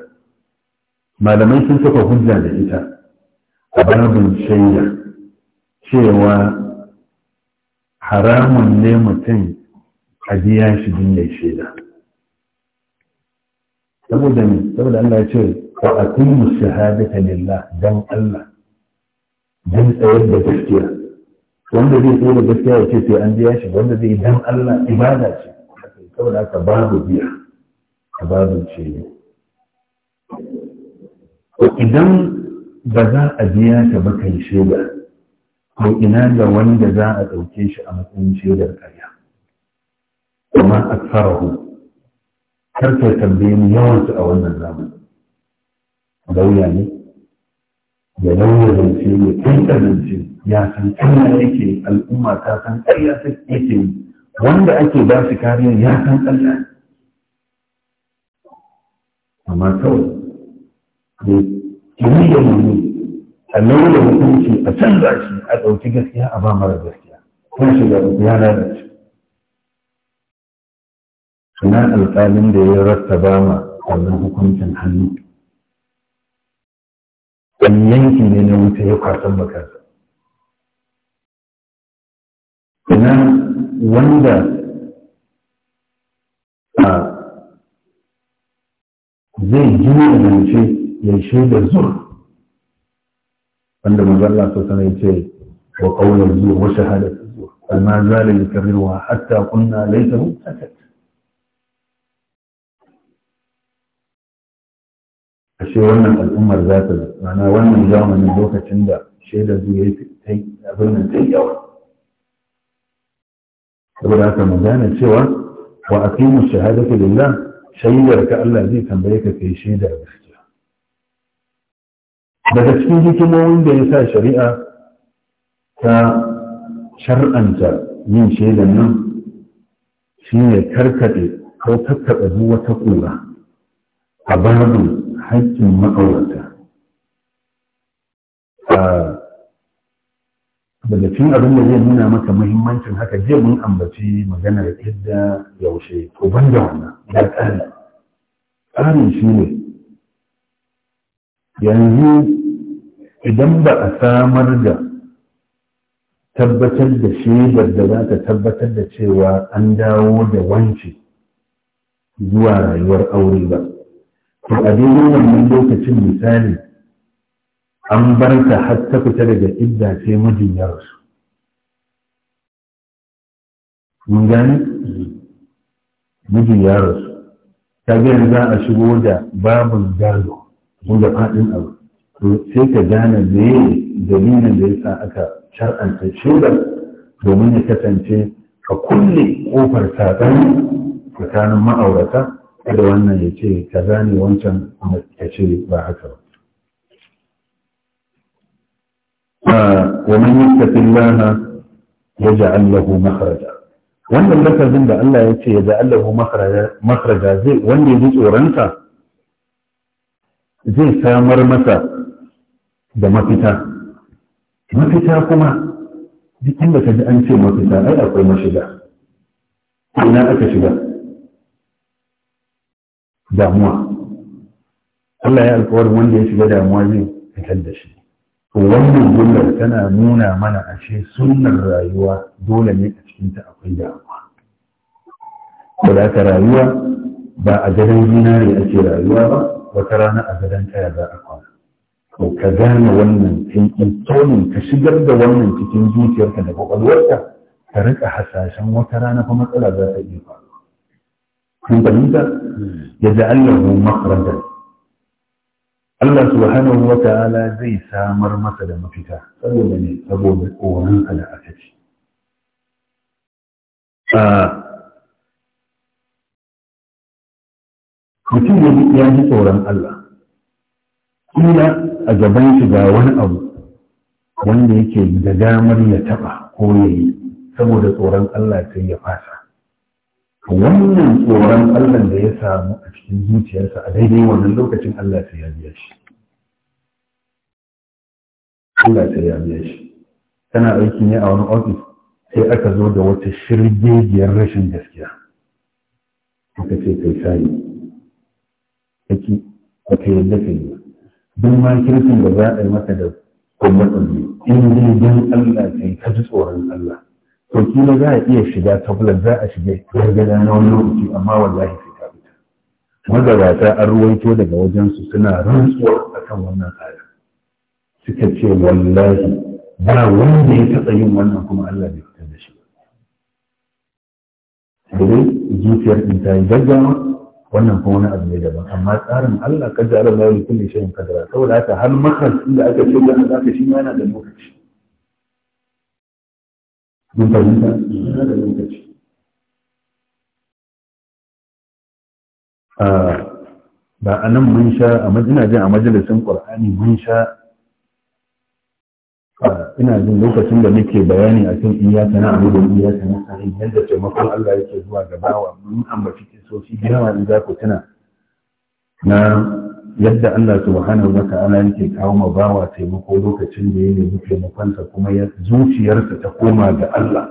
malamai sun saka hujja da ita a babin shaida cewa haramun ne mutum a biya shi jinyar shaida saboda ne saboda Allah ya ce wa aqimu shahadata lillah dan Allah don tsayar da gaskiya wanda zai tsaye da gaskiya ya ce sai an biya shi wanda zai dan Allah ibada ce saboda haka babu biya a babu ce idan ba za a biya ta ba kai shaida ko ina ga wanda za a ɗauke shi a matsayin shaidar karya? kuma a tsarahu kar ka tambaye ni yawansu a wannan zamani lauya ne ya lauya zance ya kai zance ya san ƙarya yake al'umma ta san ta yake wanda ake ba su kariya ya san ƙarya amma kawai ne yi ya nuni a da hukunci a canza shi a ɗauki gaskiya a ba mara gaskiya ko shiga uku ya lalace suna alƙalin da ya rasta rattaba ma wannan hukuncin hannu wani yanki ne na wuta ya kwasan bakansa ina wanda a zai ji da mace ya shaida zur wanda mazalla su sana ce wa ƙaunar zuwa wa shahadar zuwa amma zalin ya karirwa hatta kunna laifin sakat ashe wannan al'ummar za ta mana wannan zamanin lokacin da shaidar zuwa ya abin nan ta yawa saboda haka mu gane cewa wa aqimu shahadati lillah shaidar ka Allah zai tambaye ka kai shaidar gaskiya daga cikin hikimomin da ya sa shari'a ta shar'anta yin shaidar nan shi ne karkade ko kakkaɓe wata ƙura a babu haƙƙin ma'aurata daga cikin abin da zai nuna maka muhimmancin haka jiya mun ambaci maganar yadda yaushe ko ban da wannan ya tsari tsarin shi ne yanzu idan ba a samar da tabbatar da shaidar da za ta tabbatar da cewa an dawo da wance zuwa rayuwar aure ba to a daidai wannan lokacin misali an bar ta har ta fita daga idda sai mijin ya rasu mun gane mijin ya ta ga za a shigo da babin gado mun da faɗin abu to sai ka gane me dalilin da yasa aka shar'anta shaidar domin ya kasance ka kulle kofar saɓani tsakanin ma'aurata kada wannan ya ce kaza gane wancan ka ce ba haka ba ومن يتق الله يجعل له مخرجا wannan lafazin da Allah ya ce ya da Allahu makhraja zai wanda ya tsoronsa zai samar masa da mafita mafita kuma duk inda ka ji an ce mafita ai akwai mashiga ina aka shiga damuwa Allah ya alkawarin wanda ya shiga damuwa zai fitar da shi to wannan jumlar tana nuna mana ashe sunan rayuwa dole ne a cikinta akwai damuwa ko da ka rayuwa ba a gadon zinari ake rayuwa ba wata rana a gadon kaya za a kwana to ka gane wannan taikin tonin ka shigar da wannan cikin zuciyarka da kwakwalwarka ka rika hasashen wata rana fa matsala za ta iya faruwa kun fahimta hmm. ya ja'allahu makhrajan Allah subhanahu wa ta'ala zai samar masa da mafita saboda ne saboda tsoronsa da aka ci ah, mutum ya ji tsoron Allah kuma a gaban shi ga wani abu wanda yake da damar ya taɓa ko ya yi saboda tsoron Allah sai ya fasa wannan tsoron Allah da ya samu a cikin zuciyarsa a daidai wannan lokacin Allah sai ya biya shi Allah sai ya shi tana aiki ne a wani ofis sai aka zo da wata shirgegiyar rashin gaskiya aka ce kai sai Aki, aka yadda lafi ne. don ma kirkin da za a yi maka da kuma ne in dai don Allah sai ka ji tsoron Allah to za a iya shiga tablet za a shiga gargada na wani lokaci amma wallahi sai ta fita magabata an ruwaito daga wajensu suna rantsuwa akan wannan aya suka ce wallahi ba wanda ya taɓa yin wannan kuma Allah bai fitar da shi dai zuciyar ɗin ta yi gaggawa wannan kuma wani abu ne daban amma tsarin Allah kaddara Allah ya kulle shi kadara saboda haka har makas inda aka ce da aka shi ma yana da lokaci mun fahimta yana da lokaci ah, ba a nan mun sha a ina jin a majalisin ƙwar'ani mun sha ah, ina jin lokacin da muke bayani a kan iyaka na abu da sana a yadda taimakon Allah yake zuwa ga bawa mun ambaci kisoshi da yawa in za ku tuna na yadda Allah subhanahu wa ta'ala yake kawo ma bawa taimako lokacin da ya nemi taimakonsa kuma ya zuciyarsa ta koma ga Allah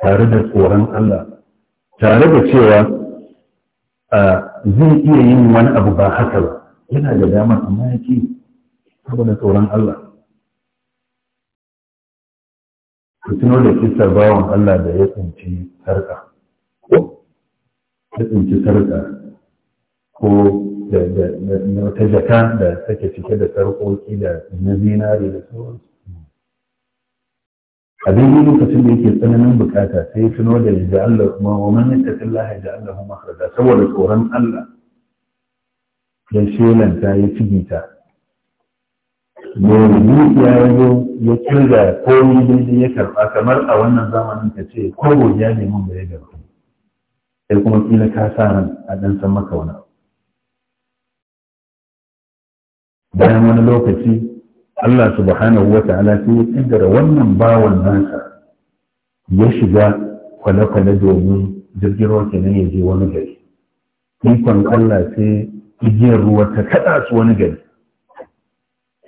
tare da tsoron Allah tare da cewa zai iya yin wani abu ba haka ba yana da damar amma yake saboda tsoron Allah ku tuno da kisar bawan Allah da ya tsinci sarka ko ya tsinci sarka ko da jaka da take cike da sarƙoƙi da na zinari da sauransu a daidai lokacin da yake tsananin bukata sai tuno da yadda Allah kuma wa man da Allah kuma harda saboda tsoron Allah ya shelanta ya ta. mai rubuciya ya yi ya kirga komi daidai ya karɓa kamar a wannan zamanin ta ce ko ya nemi da ya gaba sai kuma kila ka sa ran a ɗan san maka wani bayan wani lokaci Allah subhanahu wa ta'ala sai ya kaddara wannan bawan nasa ya shiga kwale-kwale domin jirgin ruwa kenan ya je wani gari ikon Allah sai igiyar ruwa ta kaɗa su wani gari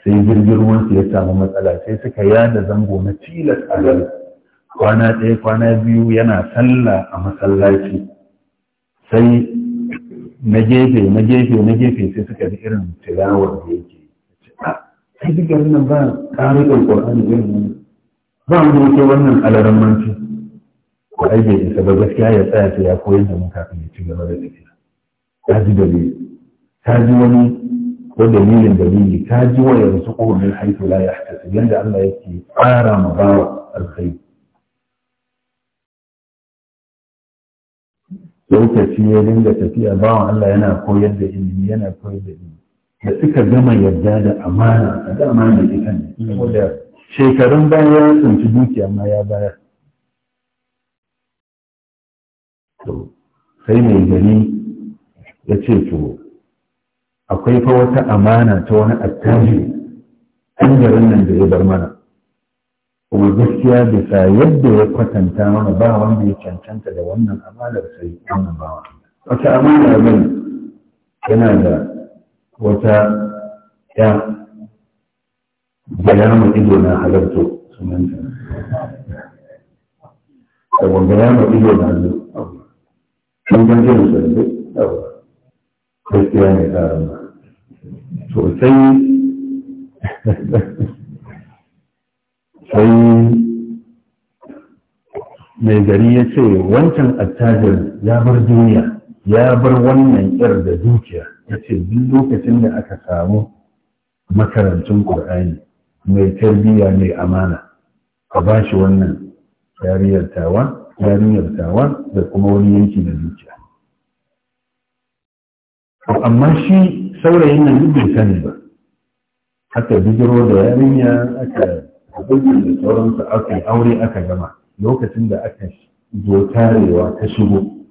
sai jirgin ruwan su ya samu matsala sai suka yada zango na tilas a gari kwana ɗaya kwana biyu yana sallah a masallaci sai na gefe na gefe na gefe sai suka ji irin tilawar da yake a cikin nan ba ƙarikar ƙwararri irin wannan ba wanda yake wannan alaran manci ba ai isa ba gaskiya ya tsaya ta ya koyar da mu kafin ya ci gaba da tafiya ta ji dalili ta ji wani ko dalilin dalili ta ji wa yanzu ko min haitu la yahtasib yadda Allah yake tsara ma bawa alkhairi lokaci ya dinga tafiya bawan Allah yana koyar da ilimi yana koyar da ilimi da suka gama yadda da amana a da amana ita ne saboda shekarun baya ya tsinci dukiya ma ya bayar to sai mai gari ya ce to akwai fa wata amana ta wani attajiri an garin nan da ya bar mana kuma gaskiya bisa yadda ya kwatanta mana ba wanda ya cancanta da wannan amanar sai wannan bawa wata amana zai yana da wata ya bayama ido na halarto sunanta da bayama ido na halarto sun ganje da sarfe gaskiya ne tsarin ba sosai sai mai gari ya ce wancan attajirin ya bar duniya ya bar wannan yar da dukiya ya ce duk lokacin da aka samu makarantun ƙur'ani mai tarbiyya mai amana a ba shi wannan yariyar tawa da kuma wani yanki na zuciya amma shi saurayin nan duk bai sani ba aka bijiro da yarinya aka hukunci da sauransu aka aure aka gama lokacin da aka zo tarewa ta shigo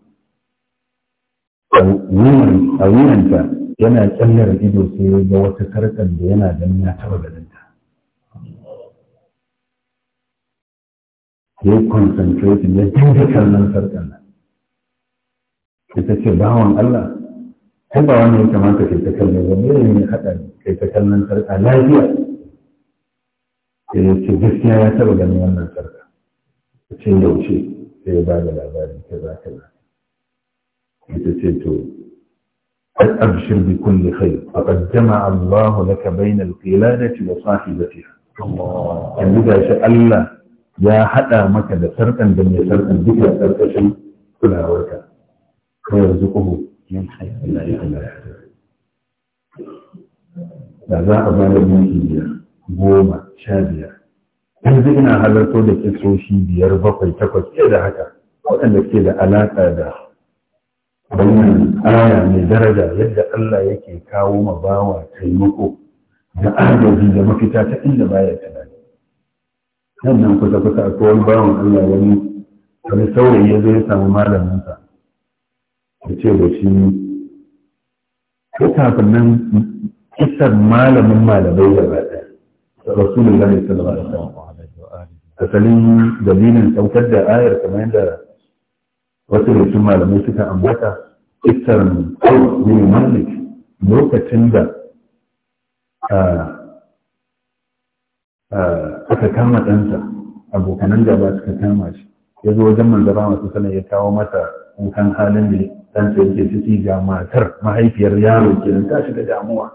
a wuyanta yana tsallar ido sai ya ga wata sarkar da yana ganin ya taɓa ganinta ya yi ya dinga kallon sarƙar nan ita ce bawan Allah ko ba wani ya kamata kai ta kallon ba ne ne haɗa kai ta kallon sarka lafiya sai ya ce gaskiya ya taɓa ganin wannan sarƙa ce yaushe sai ya ba da labarin ta za ta ka قد أبشر بكل خير فقد جمع الله لك بين القلادة وصاحبتها الله يعني إذا شاء الله يا حتى مكة سرقا بني سرقا بك سرقا كلها وركا ويرزقه من خير لا يحتاج إلا za a bada minti biyar goma sha biyar yanzu ina halarto da kisoshi biyar bakwai takwas fiye da haka waɗanda ke da alaƙa da wannan aya mai daraja yadda Allah yake kawo ma bawa taimako da agaji da mafita ta inda baya tunani nan nan kusa kusa akwai wani bawan Allah wani wani saurayi ya zo ya samu malaminsa ya ce da shi ko kafin nan kisar malamin malamai ba ɗaya rasulullahi sallallahu alaihi sallam asalin dalilin saukar da ayar kamar yadda wasu da cin malamai suka ambata istar ne malik lokacin da aka kama ɗansa abokanan gaba suka kama shi ya zo wajen manzara masu sanar ya kawo mata kukan halin da ɗansa yake ciki ga matar mahaifiyar yaro kenan tashi da damuwa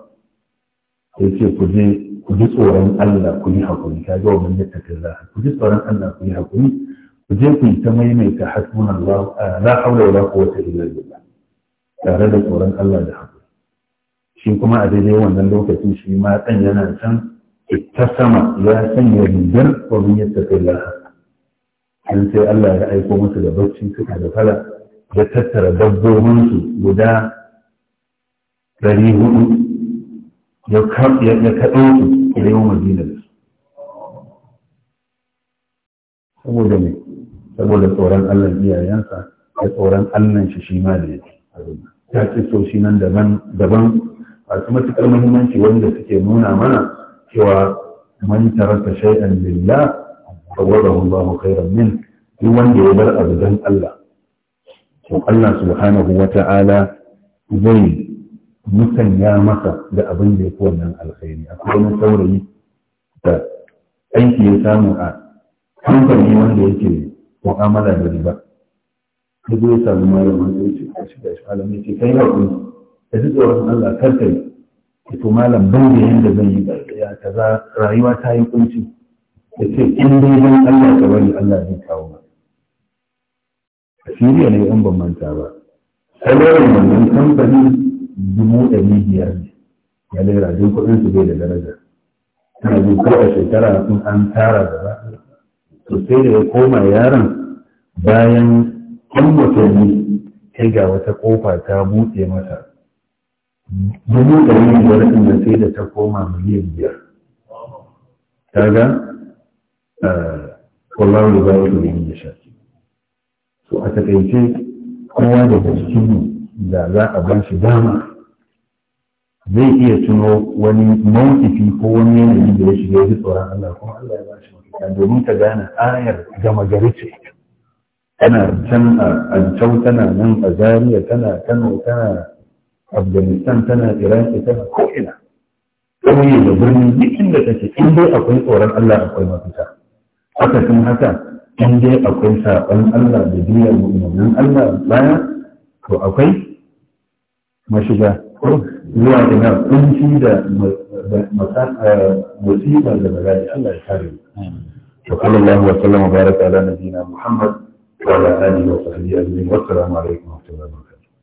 Ya ce ku je ku ji tsoron Allah ku yi haƙuri ka ga wa yadda ta ku ji tsoron Allah ku yi haƙuri ku je ku yi ta maimaita hasbunallahu la haula wala quwwata illa billah tare da tsoron Allah da haƙuri shi kuma a daidai wannan lokacin shi ma dan yana san ta sama ya sanya rigar wabin yadda kai laha an sai Allah ya aiko musu da bacci suka da fala ya tattara dabbobinsu guda ɗari hudu ya kaɗo su da yawan madina saboda ne saboda tsoron Allah iyayensa da tsoron Allah shi shi ma da yake ta ce so shi nan daban daban masu matuƙar muhimmanci wanda suke nuna mana cewa man tarasa shay'an lillah fawadahu Allah khairan min duk wanda ya bar abu dan Allah to Allah subhanahu wata'ala zai musanya masa da abin da ya fi wannan alkhairi akwai wani saurayi da aiki ya samu a kamfani wanda yake mu'amala da riba ta zo ya samu malam da ya ce ka shiga shi ce kai hakuri ka ji tsoron Allah kar ka ka to malam ban da yanda zan yi ya za rayuwa ta yi kunci ka ce in dai zan Allah ka bari Allah zai kawo ma a Siriya ne in ban manta ba salarin wannan kamfani dubu ɗari biyar ne ya lera duk kuɗin su bai da daraja tana ko a shekara in an tara da za to sai da ya koma yaron bayan ɗan watanni sai ga wata ƙofa ta buɗe mata. dubu ɗari biyar ɗin da sai da ta koma miliyan biyar Ta ga ya eh, za da yi yasha to a takaice kowa da cikin da za a ban shi dama zai iya tuno wani mawukifi ko wani yanayi da ya shiga ya ji tsoron Allah kuma Allah ya ba shi domin ka gane ayar gama gari ce tana can a Jau tana nan a Zariya tana Kano tana Afghanistan tana Iraki tana ko'ina ƙauye da birni duk inda take in dai akwai tsoron Allah akwai mafita haka sun haka in dai akwai saɓon Allah da duniyar mu'minin Allah baya to akwai mashiga zuwa da na kunci da eh, musibar da bala'i Allah ya kare to sallallahu wa sallama baraka ala nabiyina Muhammad wa ala alihi wa sahbihi ajma'in wa assalamu alaikum wa rahmatullahi wa barakatuh